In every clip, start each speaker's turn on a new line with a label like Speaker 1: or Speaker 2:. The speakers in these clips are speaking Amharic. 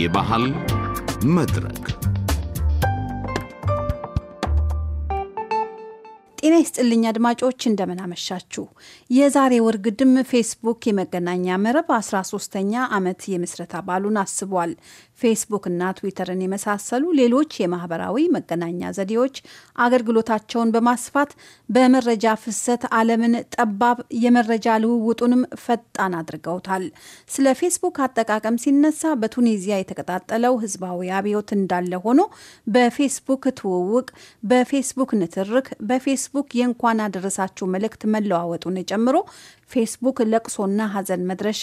Speaker 1: የባህል መድረክ
Speaker 2: ጤና ይስጥልኝ አድማጮች፣ እንደምናመሻችሁ። የዛሬ ወር ግድም ፌስቡክ የመገናኛ መረብ 13 ተኛ ዓመት የምስረታ በዓሉን አስቧል። ፌስቡክ እና ትዊተርን የመሳሰሉ ሌሎች የማህበራዊ መገናኛ ዘዴዎች አገልግሎታቸውን በማስፋት በመረጃ ፍሰት ዓለምን ጠባብ የመረጃ ልውውጡንም ፈጣን አድርገውታል። ስለ ፌስቡክ አጠቃቀም ሲነሳ በቱኒዚያ የተቀጣጠለው ህዝባዊ አብዮት እንዳለ ሆኖ በፌስቡክ ትውውቅ፣ በፌስቡክ ንትርክ፣ በፌስቡክ ፌስቡክ የእንኳን አደረሳችሁ መልእክት መለዋወጡን ጨምሮ ፌስቡክ ለቅሶና ሀዘን መድረሻ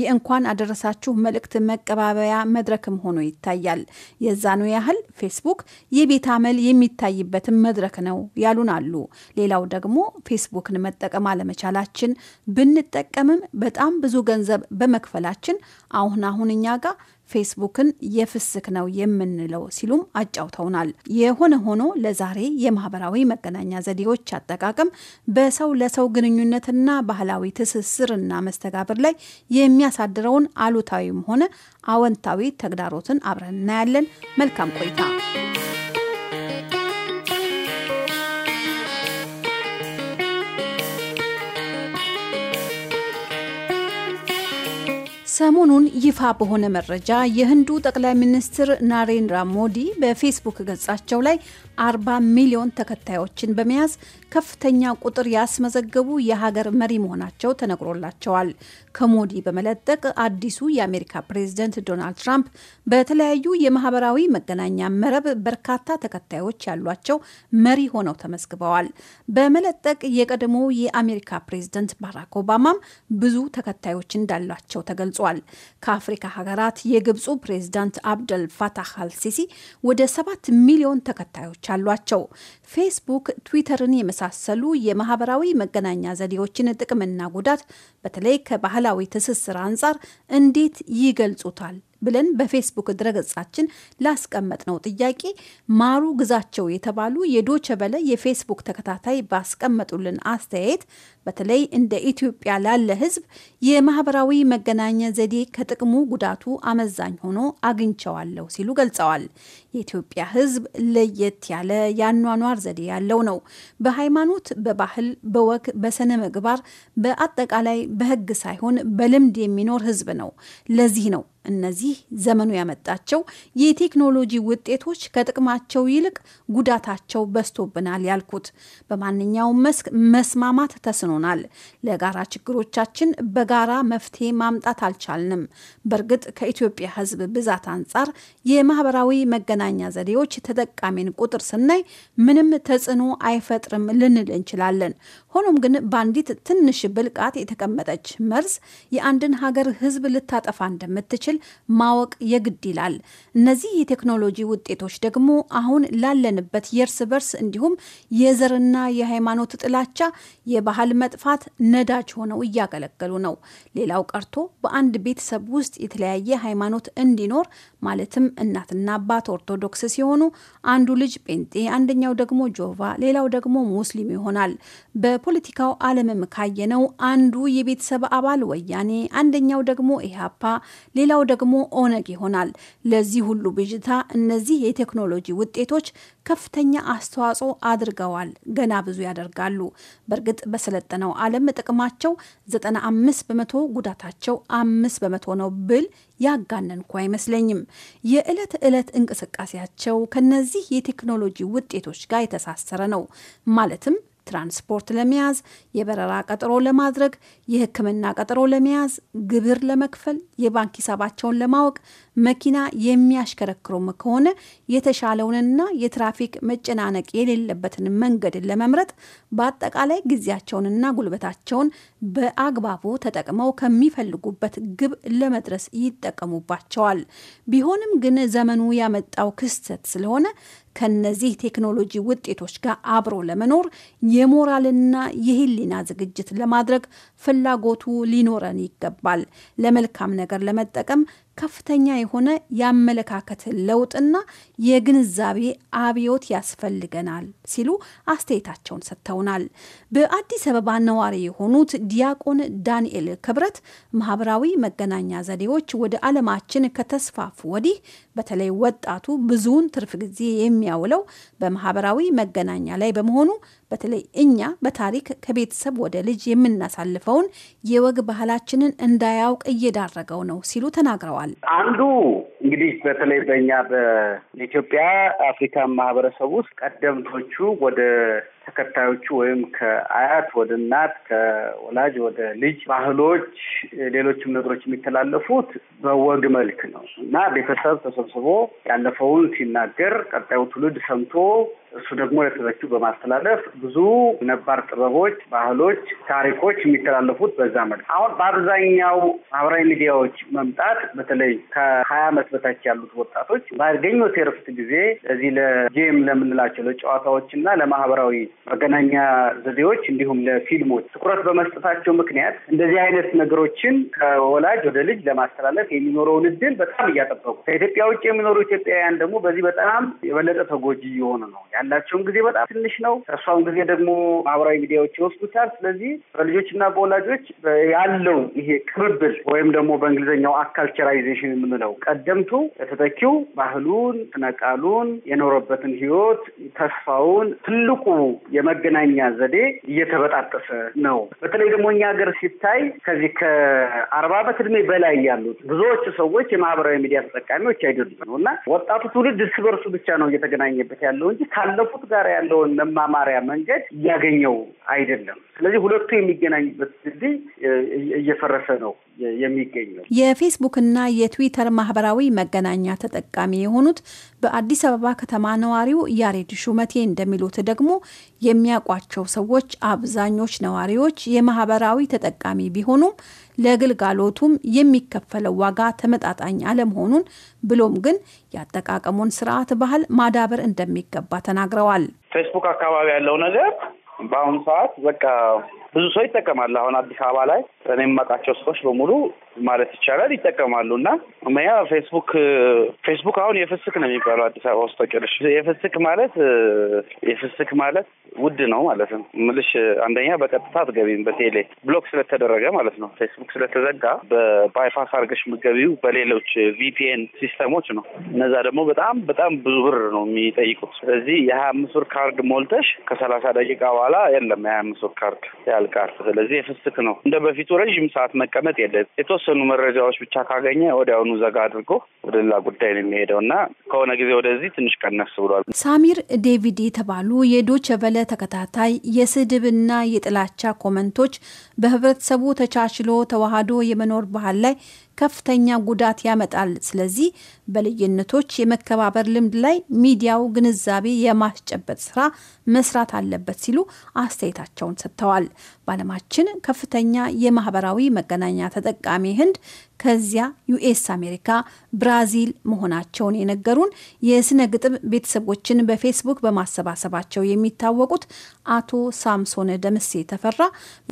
Speaker 2: የእንኳን አደረሳችሁ መልእክት መቀባበያ መድረክም ሆኖ ይታያል። የዛኑ ያህል ፌስቡክ የቤት አመል የሚታይበትም መድረክ ነው ያሉን አሉ። ሌላው ደግሞ ፌስቡክን መጠቀም አለመቻላችን፣ ብንጠቀምም በጣም ብዙ ገንዘብ በመክፈላችን አሁን አሁን እኛ ጋር ፌስቡክን የፍስክ ነው የምንለው ሲሉም አጫውተውናል። የሆነ ሆኖ ለዛሬ የማህበራዊ መገናኛ ዘዴዎች አጠቃቀም በሰው ለሰው ግንኙነትና ባህላዊ ትስስርና መስተጋብር ላይ የሚያሳድረውን አሉታዊም ሆነ አወንታዊ ተግዳሮትን አብረን እናያለን። መልካም ቆይታ። ሰሞኑን ይፋ በሆነ መረጃ የህንዱ ጠቅላይ ሚኒስትር ናሬንድራ ሞዲ በፌስቡክ ገጻቸው ላይ 40 ሚሊዮን ተከታዮችን በመያዝ ከፍተኛ ቁጥር ያስመዘገቡ የሀገር መሪ መሆናቸው ተነግሮላቸዋል። ከሞዲ በመለጠቅ አዲሱ የአሜሪካ ፕሬዝደንት ዶናልድ ትራምፕ በተለያዩ የማህበራዊ መገናኛ መረብ በርካታ ተከታዮች ያሏቸው መሪ ሆነው ተመዝግበዋል። በመለጠቅ የቀድሞ የአሜሪካ ፕሬዝደንት ባራክ ኦባማም ብዙ ተከታዮች እንዳሏቸው ተገልጿል። ገልጸዋል። ከአፍሪካ ሀገራት የግብፁ ፕሬዝዳንት አብደል ፋታህ አልሲሲ ወደ ሰባት ሚሊዮን ተከታዮች አሏቸው። ፌስቡክ፣ ትዊተርን የመሳሰሉ የማህበራዊ መገናኛ ዘዴዎችን ጥቅምና ጉዳት በተለይ ከባህላዊ ትስስር አንጻር እንዴት ይገልጹታል? ብለን በፌስቡክ ድረገጻችን ላስቀመጥነው ጥያቄ ማሩ ግዛቸው የተባሉ የዶቸ በለ የፌስቡክ ተከታታይ ባስቀመጡልን አስተያየት በተለይ እንደ ኢትዮጵያ ላለ ሕዝብ የማህበራዊ መገናኛ ዘዴ ከጥቅሙ ጉዳቱ አመዛኝ ሆኖ አግኝቸዋለሁ ሲሉ ገልጸዋል። የኢትዮጵያ ሕዝብ ለየት ያለ የአኗኗር ዘዴ ያለው ነው። በሃይማኖት፣ በባህል፣ በወግ፣ በስነ ምግባር፣ በአጠቃላይ በህግ ሳይሆን በልምድ የሚኖር ሕዝብ ነው። ለዚህ ነው እነዚህ ዘመኑ ያመጣቸው የቴክኖሎጂ ውጤቶች ከጥቅማቸው ይልቅ ጉዳታቸው በዝቶብናል ያልኩት፣ በማንኛውም መስክ መስማማት ተስኖናል። ለጋራ ችግሮቻችን በጋራ መፍትሄ ማምጣት አልቻልንም። በእርግጥ ከኢትዮጵያ ሕዝብ ብዛት አንጻር የማህበራዊ መገናኛ ዘዴዎች ተጠቃሚን ቁጥር ስናይ ምንም ተጽዕኖ አይፈጥርም ልንል እንችላለን። ሆኖም ግን በአንዲት ትንሽ ብልቃት የተቀመጠች መርዝ የአንድን ሀገር ሕዝብ ልታጠፋ እንደምትችል እንደሚችል ማወቅ የግድ ይላል። እነዚህ የቴክኖሎጂ ውጤቶች ደግሞ አሁን ላለንበት የእርስ በርስ እንዲሁም የዘርና የሃይማኖት ጥላቻ፣ የባህል መጥፋት ነዳጅ ሆነው እያገለገሉ ነው። ሌላው ቀርቶ በአንድ ቤተሰብ ውስጥ የተለያየ ሃይማኖት እንዲኖር ማለትም እናትና አባት ኦርቶዶክስ ሲሆኑ አንዱ ልጅ ጴንጤ፣ አንደኛው ደግሞ ጆቫ፣ ሌላው ደግሞ ሙስሊም ይሆናል። በፖለቲካው ዓለምም ካየነው አንዱ የቤተሰብ አባል ወያኔ፣ አንደኛው ደግሞ ኢህአፓ፣ ሌላው ደግሞ ኦነግ ይሆናል። ለዚህ ሁሉ ብዥታ እነዚህ የቴክኖሎጂ ውጤቶች ከፍተኛ አስተዋጽኦ አድርገዋል፣ ገና ብዙ ያደርጋሉ። በእርግጥ በሰለጠነው ዓለም ጥቅማቸው 95 በመቶ ጉዳታቸው አምስት በመቶ ነው ብል ያጋነንኩ አይመስለኝም። የዕለት ዕለት እንቅስቃሴያቸው ከነዚህ የቴክኖሎጂ ውጤቶች ጋር የተሳሰረ ነው ማለትም ትራንስፖርት ለመያዝ፣ የበረራ ቀጠሮ ለማድረግ፣ የሕክምና ቀጠሮ ለመያዝ፣ ግብር ለመክፈል፣ የባንክ ሂሳባቸውን ለማወቅ መኪና የሚያሽከረክሩም ከሆነ የተሻለውንና የትራፊክ መጨናነቅ የሌለበትን መንገድ ለመምረጥ በአጠቃላይ ጊዜያቸውንና ጉልበታቸውን በአግባቡ ተጠቅመው ከሚፈልጉበት ግብ ለመድረስ ይጠቀሙባቸዋል። ቢሆንም ግን ዘመኑ ያመጣው ክስተት ስለሆነ ከነዚህ ቴክኖሎጂ ውጤቶች ጋር አብሮ ለመኖር የሞራልና የህሊና ዝግጅት ለማድረግ ፍላጎቱ ሊኖረን ይገባል። ለመልካም ነገር ለመጠቀም ከፍተኛ የሆነ የአመለካከት ለውጥና የግንዛቤ አብዮት ያስፈልገናል ሲሉ አስተያየታቸውን ሰጥተውናል። በአዲስ አበባ ነዋሪ የሆኑት ዲያቆን ዳንኤል ክብረት ማህበራዊ መገናኛ ዘዴዎች ወደ ዓለማችን ከተስፋፉ ወዲህ በተለይ ወጣቱ ብዙውን ትርፍ ጊዜ የሚያውለው በማህበራዊ መገናኛ ላይ በመሆኑ በተለይ እኛ በታሪክ ከቤተሰብ ወደ ልጅ የምናሳልፈውን የወግ ባህላችንን እንዳያውቅ እየዳረገው ነው ሲሉ ተናግረዋል።
Speaker 3: አንዱ እንግዲህ በተለይ በእኛ በኢትዮጵያ አፍሪካን ማህበረሰብ ውስጥ ቀደምቶቹ ወደ ተከታዮቹ ወይም ከአያት ወደ እናት ከወላጅ ወደ ልጅ ባህሎች፣ ሌሎችም ነገሮች የሚተላለፉት በወግ መልክ ነው እና ቤተሰብ ተሰብስቦ ያለፈውን ሲናገር ቀጣዩ ትውልድ ሰምቶ እሱ ደግሞ ለተተኪው በማስተላለፍ ብዙ ነባር ጥበቦች፣ ባህሎች፣ ታሪኮች የሚተላለፉት በዛ መልክ። አሁን በአብዛኛው ማህበራዊ ሚዲያዎች መምጣት በተለይ ከሀያ ዓመት በታች ያሉት ወጣቶች ባገኙት የረፍት ጊዜ ለዚህ ለጌም ለምንላቸው ለጨዋታዎች እና ለማህበራዊ መገናኛ ዘዴዎች እንዲሁም ለፊልሞች ትኩረት በመስጠታቸው ምክንያት እንደዚህ አይነት ነገሮችን ከወላጅ ወደ ልጅ ለማስተላለፍ የሚኖረውን እድል በጣም እያጠበቁ፣ ከኢትዮጵያ ውጭ የሚኖሩ ኢትዮጵያውያን ደግሞ በዚህ በጣም የበለጠ ተጎጂ እየሆኑ ነው። ያላቸውን ጊዜ በጣም ትንሽ ነው። ከእሷም ጊዜ ደግሞ ማህበራዊ ሚዲያዎች ይወስዱታል። ስለዚህ በልጆችና በወላጆች ያለው ይሄ ቅብብል ወይም ደግሞ በእንግሊዝኛው አካልቸራይዜሽን የምንለው ቀደምቱ ተተኪው ባህሉን፣ ስነቃሉን፣ የኖረበትን ህይወት፣ ተስፋውን ትልቁ የመገናኛ ዘዴ እየተበጣጠሰ ነው። በተለይ ደግሞ እኛ ሀገር ሲታይ ከዚህ ከአርባ አመት እድሜ በላይ ያሉት ብዙዎቹ ሰዎች የማህበራዊ ሚዲያ ተጠቃሚዎች አይደሉም ነው እና ወጣቱ ትውልድ እርስ በርሱ ብቻ ነው እየተገናኘበት ያለው እንጂ ካለፉት ጋር ያለውን መማማሪያ መንገድ እያገኘው አይደለም። ስለዚህ ሁለቱ የሚገናኝበት ድልድይ እየፈረሰ ነው የሚገኝ ነው።
Speaker 2: የፌስቡክና የትዊተር ማህበራዊ መገናኛ ተጠቃሚ የሆኑት በአዲስ አበባ ከተማ ነዋሪው ያሬድ ሹመቴ እንደሚሉት ደግሞ የሚያውቋቸው ሰዎች አብዛኞች ነዋሪዎች የማህበራዊ ተጠቃሚ ቢሆኑም ለግልጋሎቱም የሚከፈለው ዋጋ ተመጣጣኝ አለመሆኑን ብሎም ግን የአጠቃቀሙን ስርዓት ባህል ማዳበር እንደሚገባ ተናግረዋል።
Speaker 1: ፌስቡክ አካባቢ ያለው ነገር በአሁኑ ሰዓት በቃ ብዙ ሰው ይጠቀማል። አሁን አዲስ አበባ ላይ እኔ የማውቃቸው ሰዎች በሙሉ ማለት ይቻላል ይጠቀማሉ እና መያ ፌስቡክ ፌስቡክ አሁን የፍስክ ነው የሚባለው አዲስ አበባ ውስጥ ተቀርሽ የፍስክ ማለት የፍስክ ማለት ውድ ነው ማለት ነው ምልሽ አንደኛ በቀጥታ አትገቢም በቴሌ ብሎክ ስለተደረገ ማለት ነው ፌስቡክ ስለተዘጋ በባይፓስ አርገሽ የምትገቢው በሌሎች ቪፒኤን ሲስተሞች ነው እነዛ ደግሞ በጣም በጣም ብዙ ብር ነው የሚጠይቁት ስለዚህ የሀያ አምስት ብር ካርድ ሞልተሽ ከሰላሳ ደቂቃ በኋላ የለም የሀያ አምስት ብር ካርድ ያልቃል ስለዚህ የፍስክ ነው እንደ በፊቱ ረዥም ሰዓት መቀመጥ የለ የተወሰኑ መረጃዎች ብቻ ካገኘ ወዲያውኑ ዘጋ አድርጎ ወደ ሌላ ጉዳይ ነው የሚሄደው እና ከሆነ ጊዜ ወደዚህ ትንሽ ቀነስ ብሏል።
Speaker 2: ሳሚር ዴቪድ የተባሉ የዶች ቨለ ተከታታይ የስድብና የጥላቻ ኮመንቶች በህብረተሰቡ ተቻችሎ ተዋህዶ የመኖር ባህል ላይ ከፍተኛ ጉዳት ያመጣል። ስለዚህ በልዩነቶች የመከባበር ልምድ ላይ ሚዲያው ግንዛቤ የማስጨበጥ ስራ መስራት አለበት ሲሉ አስተያየታቸውን ሰጥተዋል። በዓለማችን ከፍተኛ የማህበራዊ መገናኛ ተጠቃሚ ህንድ፣ ከዚያ ዩኤስ አሜሪካ፣ ብራዚል መሆናቸውን የነገሩን የስነ ግጥም ቤተሰቦችን በፌስቡክ በማሰባሰባቸው የሚታወቁት አቶ ሳምሶን ደምሴ ተፈራ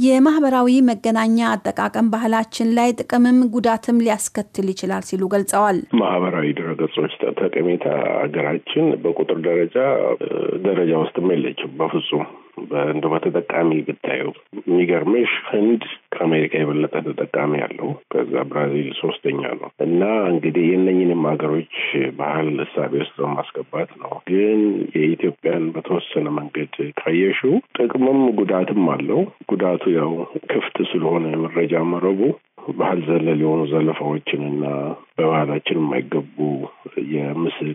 Speaker 2: የማህበራዊ መገናኛ አጠቃቀም ባህላችን ላይ ጥቅምም ጉዳትም ችግርም ሊያስከትል ይችላል ሲሉ ገልጸዋል።
Speaker 4: ማህበራዊ ድረገጾች ጠቀሜታ ሀገራችን በቁጥር ደረጃ ደረጃ ውስጥም የለችም በፍጹም እንደ በተጠቃሚ ብታዩ የሚገርምሽ ህንድ ከአሜሪካ የበለጠ ተጠቃሚ ያለው ከዛ ብራዚል ሶስተኛ ነው። እና እንግዲህ የነኝንም ሀገሮች ባህል እሳቤ ውስጥ በማስገባት ነው። ግን የኢትዮጵያን በተወሰነ መንገድ ካየሽው ጥቅምም ጉዳትም አለው። ጉዳቱ ያው ክፍት ስለሆነ መረጃ መረቡ ባህል ዘለል የሆኑ ዘለፋዎችንና በባህላችን የማይገቡ የምስል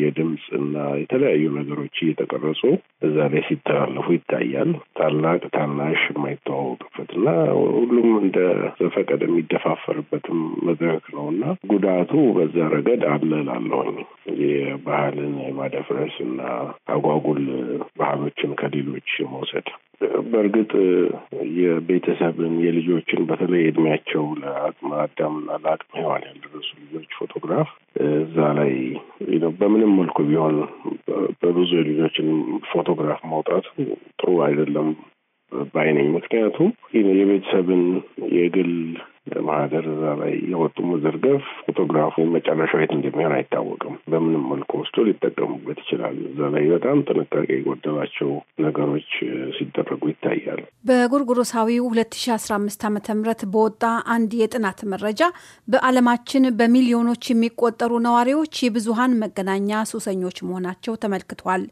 Speaker 4: የድምፅ እና የተለያዩ ነገሮች እየተቀረጹ እዛ ላይ ሲተላለፉ ይታያል። ታላቅ ታናሽ የማይተዋወቅበት እና ሁሉም እንደ ዘፈቀድ የሚደፋፈርበትም መድረክ ነው እና ጉዳቱ በዛ ረገድ አለ የባህልን የማደፍረስ እና አጓጉል ባህሎችን ከሌሎች መውሰድ በእርግጥ የቤተሰብን የልጆችን በተለይ እድሜያቸው ያለው ለአቅመ አዳምና ለአቅመ ሔዋን ያልደረሱ ልጆች ፎቶግራፍ እዛ ላይ በምንም መልኩ ቢሆን በብዙ ልጆችን ፎቶግራፍ ማውጣት ጥሩ አይደለም ባይነኝ ምክንያቱም የቤተሰብን የግል ማህደር እዛ ላይ የወጡ መዘርገፍ ፎቶግራፉ መጨረሻው የት እንደሚሆን አይታወቅም። በምንም መልኩ ወስዶ ሊጠቀሙበት ይችላል። እዛ ላይ በጣም ጥንቃቄ የጎደላቸው ነገሮች ሲደረጉ ይታያል።
Speaker 2: በጎርጎሮሳዊው ሁለት ሺ አስራ አምስት ዓመተ ምህረት በወጣ አንድ የጥናት መረጃ በዓለማችን በሚሊዮኖች የሚቆጠሩ ነዋሪዎች የብዙሀን መገናኛ ሱሰኞች መሆናቸው ተመልክቷል።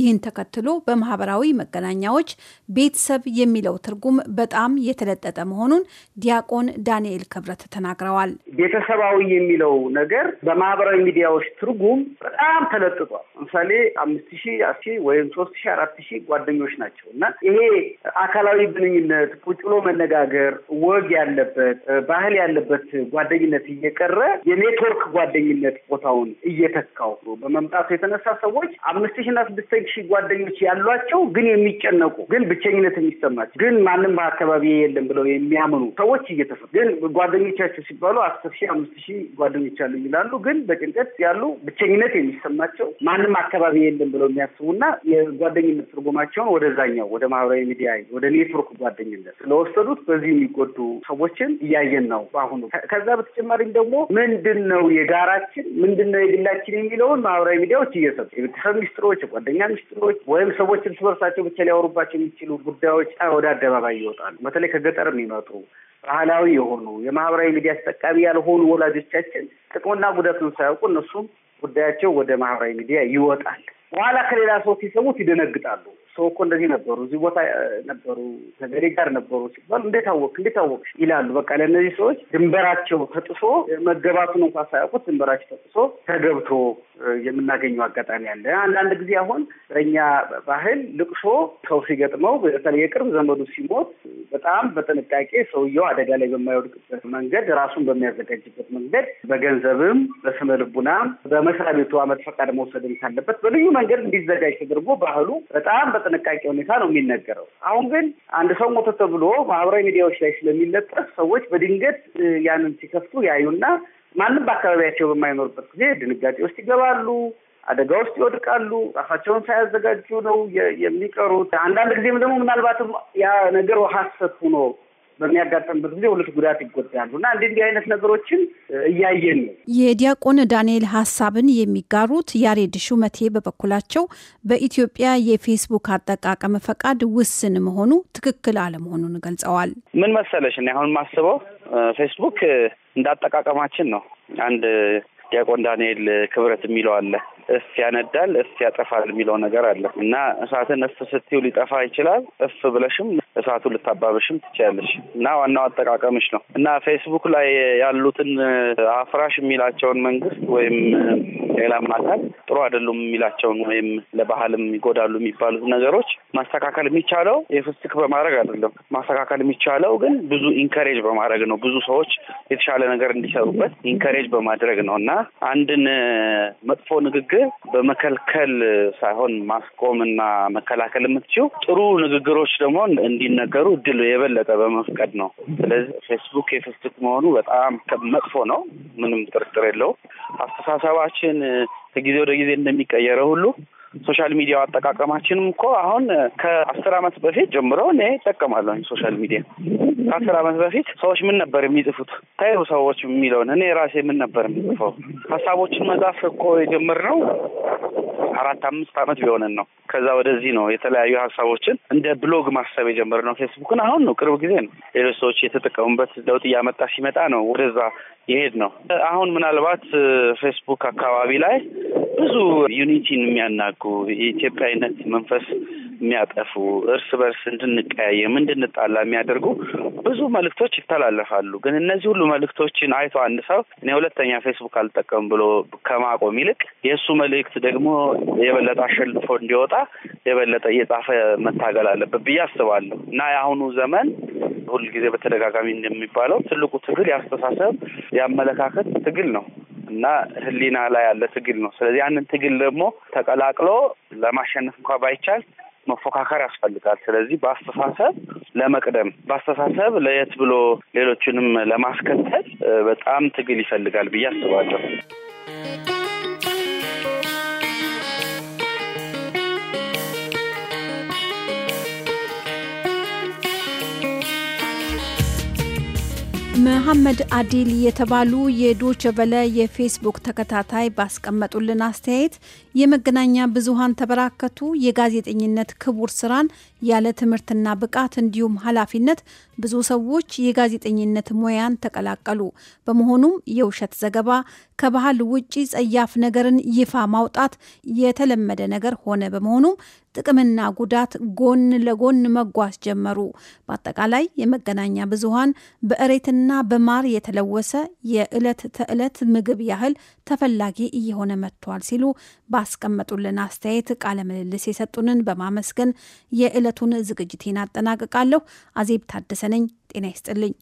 Speaker 2: ይህን ተከትሎ በማህበራዊ መገናኛዎች ቤተሰብ የሚለው ትርጉም በጣም የተለጠጠ መሆኑን ዲያቆን ዳ ዳንኤል ክብረት ተናግረዋል።
Speaker 3: ቤተሰባዊ የሚለው ነገር በማህበራዊ ሚዲያዎች ትርጉም በጣም ተለጥጧል። ለምሳሌ አምስት ሺ አስ ወይም ሶስት ሺ አራት ሺ ጓደኞች ናቸው እና ይሄ አካላዊ ግንኙነት፣ ቁጭ ብሎ መነጋገር፣ ወግ ያለበት ባህል ያለበት ጓደኝነት እየቀረ የኔትወርክ ጓደኝነት ቦታውን እየተካው በመምጣቱ የተነሳ ሰዎች አምስት እና ስድስት ሺ ጓደኞች ያሏቸው ግን የሚጨነቁ ግን ብቸኝነት የሚሰማቸው ግን ማንም በአካባቢ የለም ብለው የሚያምኑ ሰዎች እየተፈ ግን ግን ጓደኞቻቸው ሲባሉ አስር ሺህ አምስት ሺህ ጓደኞች አሉ ይላሉ። ግን በጭንቀት ያሉ ብቸኝነት የሚሰማቸው ማንም አካባቢ የለም ብለው የሚያስቡና የጓደኝነት ትርጉማቸውን ወደዛኛው ወደ ማህበራዊ ሚዲያ ወደ ኔትወርክ ጓደኝነት ስለወሰዱት በዚህ የሚጎዱ ሰዎችን እያየን ነው በአሁኑ። ከዛ በተጨማሪም ደግሞ ምንድን ነው የጋራችን ምንድን ነው የግላችን የሚለውን ማህበራዊ ሚዲያዎች እየሰጡ የቤተሰብ ሚስጥሮች፣ የጓደኛ ሚስጥሮች ወይም ሰዎች እርስ በርሳቸው ብቻ ሊያወሩባቸው የሚችሉ ጉዳዮች ወደ አደባባይ ይወጣሉ። በተለይ ከገጠር የሚመጡ ባህላዊ የሆኑ የማህበራዊ ሚዲያ ተጠቃሚ ያልሆኑ ወላጆቻችን ጥቅምና ጉዳቱን ሳያውቁ እነሱም ጉዳያቸው ወደ ማህበራዊ ሚዲያ ይወጣል። በኋላ ከሌላ ሰው ሲሰሙት ይደነግጣሉ። ሰው እኮ እንደዚህ ነበሩ፣ እዚህ ቦታ ነበሩ፣ ከገሌ ጋር ነበሩ ሲባል እንዴት አወቅ እንዴት አወቅ ይላሉ። በቃ ለእነዚህ ሰዎች ድንበራቸው ተጥሶ መገባቱን እንኳ ሳያውቁት ድንበራቸው ተጥሶ ተገብቶ የምናገኘው አጋጣሚ አለ። አንዳንድ ጊዜ አሁን በእኛ ባህል ልቅሶ ሰው ሲገጥመው በተለይ የቅርብ ዘመዱ ሲሞት በጣም በጥንቃቄ ሰውየው አደጋ ላይ በማይወድቅበት መንገድ ራሱን በሚያዘጋጅበት መንገድ በገንዘብም፣ በስነ ልቡናም፣ በመስሪያ ቤቱ አመት ፈቃድ መውሰድም ካለበት በልዩ መንገድ እንዲዘጋጅ ተደርጎ ባህሉ በጣም በጥንቃቄ ሁኔታ ነው የሚነገረው። አሁን ግን አንድ ሰው ሞተ ተብሎ ማህበራዊ ሚዲያዎች ላይ ስለሚለጠፍ ሰዎች በድንገት ያንን ሲከፍቱ ያዩና ማንም በአካባቢያቸው በማይኖርበት ጊዜ ድንጋጤ ውስጥ ይገባሉ፣ አደጋ ውስጥ ይወድቃሉ። ራሳቸውን ሳያዘጋጁ ነው የሚቀሩት። አንዳንድ ጊዜም ደግሞ ምናልባትም ያ ነገር ሀሰት ሆኖ በሚያጋጥምበት ጊዜ ሁለት ጉዳት ይጎዳሉ እና እንዲህ እንዲህ አይነት ነገሮችን እያየን ነው።
Speaker 2: የዲያቆን ዳንኤል ሀሳብን የሚጋሩት ያሬድ ሹመቴ በበኩላቸው በኢትዮጵያ የፌስቡክ አጠቃቀም ፈቃድ ውስን መሆኑ ትክክል አለመሆኑን ገልጸዋል።
Speaker 1: ምን መሰለሽ እኔ አሁን የማስበው ፌስቡክ እንዳጠቃቀማችን ነው። አንድ ዲያቆን ዳንኤል ክብረት የሚለው አለ እፍ ያነዳል እፍ ያጠፋል የሚለው ነገር አለ እና እሳትን እፍ ስትው ሊጠፋ ይችላል። እፍ ብለሽም እሳቱ ልታባብሽም ትችያለሽ እና ዋናው አጠቃቀምሽ ነው እና ፌስቡክ ላይ ያሉትን አፍራሽ የሚላቸውን መንግስት ወይም ሌላ አካል ጥሩ አይደሉም የሚላቸውን ወይም ለባህልም ይጎዳሉ የሚባሉት ነገሮች ማስተካከል የሚቻለው የፍስክ በማድረግ አይደለም። ማስተካከል የሚቻለው ግን ብዙ ኢንከሬጅ በማድረግ ነው። ብዙ ሰዎች የተሻለ ነገር እንዲሰሩበት ኢንከሬጅ በማድረግ ነው እና አንድን መጥፎ ንግግር በመከልከል ሳይሆን ማስቆም እና መከላከል የምትችው ጥሩ ንግግሮች ደግሞ እንዲነገሩ እድል የበለጠ በመፍቀድ ነው። ስለዚህ ፌስቡክ የፍስክ መሆኑ በጣም መጥፎ ነው። ምንም ጥርጥር የለውም። አስተሳሰባችን ከጊዜ ወደ ጊዜ እንደሚቀየረ ሁሉ ሶሻል ሚዲያው አጠቃቀማችንም እኮ አሁን ከአስር ዓመት በፊት ጀምሮ እኔ እጠቀማለሁ ሶሻል ሚዲያ። ከአስር ዓመት በፊት ሰዎች ምን ነበር የሚጽፉት? ታይሩ ሰዎች የሚለውን እኔ ራሴ ምን ነበር የሚጽፈው? ሀሳቦችን መጻፍ እኮ የጀመርነው አራት አምስት ዓመት ቢሆንን ነው። ከዛ ወደዚህ ነው የተለያዩ ሀሳቦችን እንደ ብሎግ ማሰብ የጀመርነው። ፌስቡክን አሁን ነው ቅርብ ጊዜ ነው ሌሎች ሰዎች የተጠቀሙበት ለውጥ እያመጣ ሲመጣ ነው ወደዛ ይሄድ ነው። አሁን ምናልባት ፌስቡክ አካባቢ ላይ ብዙ ዩኒቲን የሚያናጉ የኢትዮጵያዊነት መንፈስ የሚያጠፉ እርስ በርስ እንድንቀያየም እንድንጣላ የሚያደርጉ ብዙ መልእክቶች ይተላለፋሉ። ግን እነዚህ ሁሉ መልእክቶችን አይቶ አንድ ሰው እኔ ሁለተኛ ፌስቡክ አልጠቀም ብሎ ከማቆም ይልቅ የእሱ መልእክት ደግሞ የበለጠ አሸልፎ እንዲወጣ የበለጠ እየጻፈ መታገል አለበት ብዬ አስባለሁ እና የአሁኑ ዘመን ሁልጊዜ በተደጋጋሚ እንደሚባለው ትልቁ ትግል ያስተሳሰብ፣ የአመለካከት ትግል ነው። እና ህሊና ላይ ያለ ትግል ነው። ስለዚህ ያንን ትግል ደግሞ ተቀላቅሎ ለማሸነፍ እንኳ ባይቻል መፎካከር ያስፈልጋል። ስለዚህ በአስተሳሰብ ለመቅደም በአስተሳሰብ ለየት ብሎ ሌሎችንም ለማስከተል በጣም ትግል ይፈልጋል ብዬ አስባለሁ።
Speaker 2: መሐመድ አዲል የተባሉ የዶቸበለ የፌስቡክ ተከታታይ ባስቀመጡልን አስተያየት የመገናኛ ብዙሃን ተበራከቱ የጋዜጠኝነት ክቡር ስራን ያለ ትምህርትና ብቃት እንዲሁም ኃላፊነት ብዙ ሰዎች የጋዜጠኝነት ሙያን ተቀላቀሉ። በመሆኑም የውሸት ዘገባ ከባህል ውጪ ጸያፍ ነገርን ይፋ ማውጣት የተለመደ ነገር ሆነ። በመሆኑም ጥቅምና ጉዳት ጎን ለጎን መጓዝ ጀመሩ። በአጠቃላይ የመገናኛ ብዙሃን በእሬትና በማር የተለወሰ የዕለት ተዕለት ምግብ ያህል ተፈላጊ እየሆነ መጥቷል ሲሉ ባስቀመጡልን አስተያየት ቃለ ምልልስ የሰጡንን በማመስገን የዕለቱን ዝግጅቴን አጠናቅቃለሁ። አዜብ ታደሰ ነኝ። ጤና ይስጥልኝ።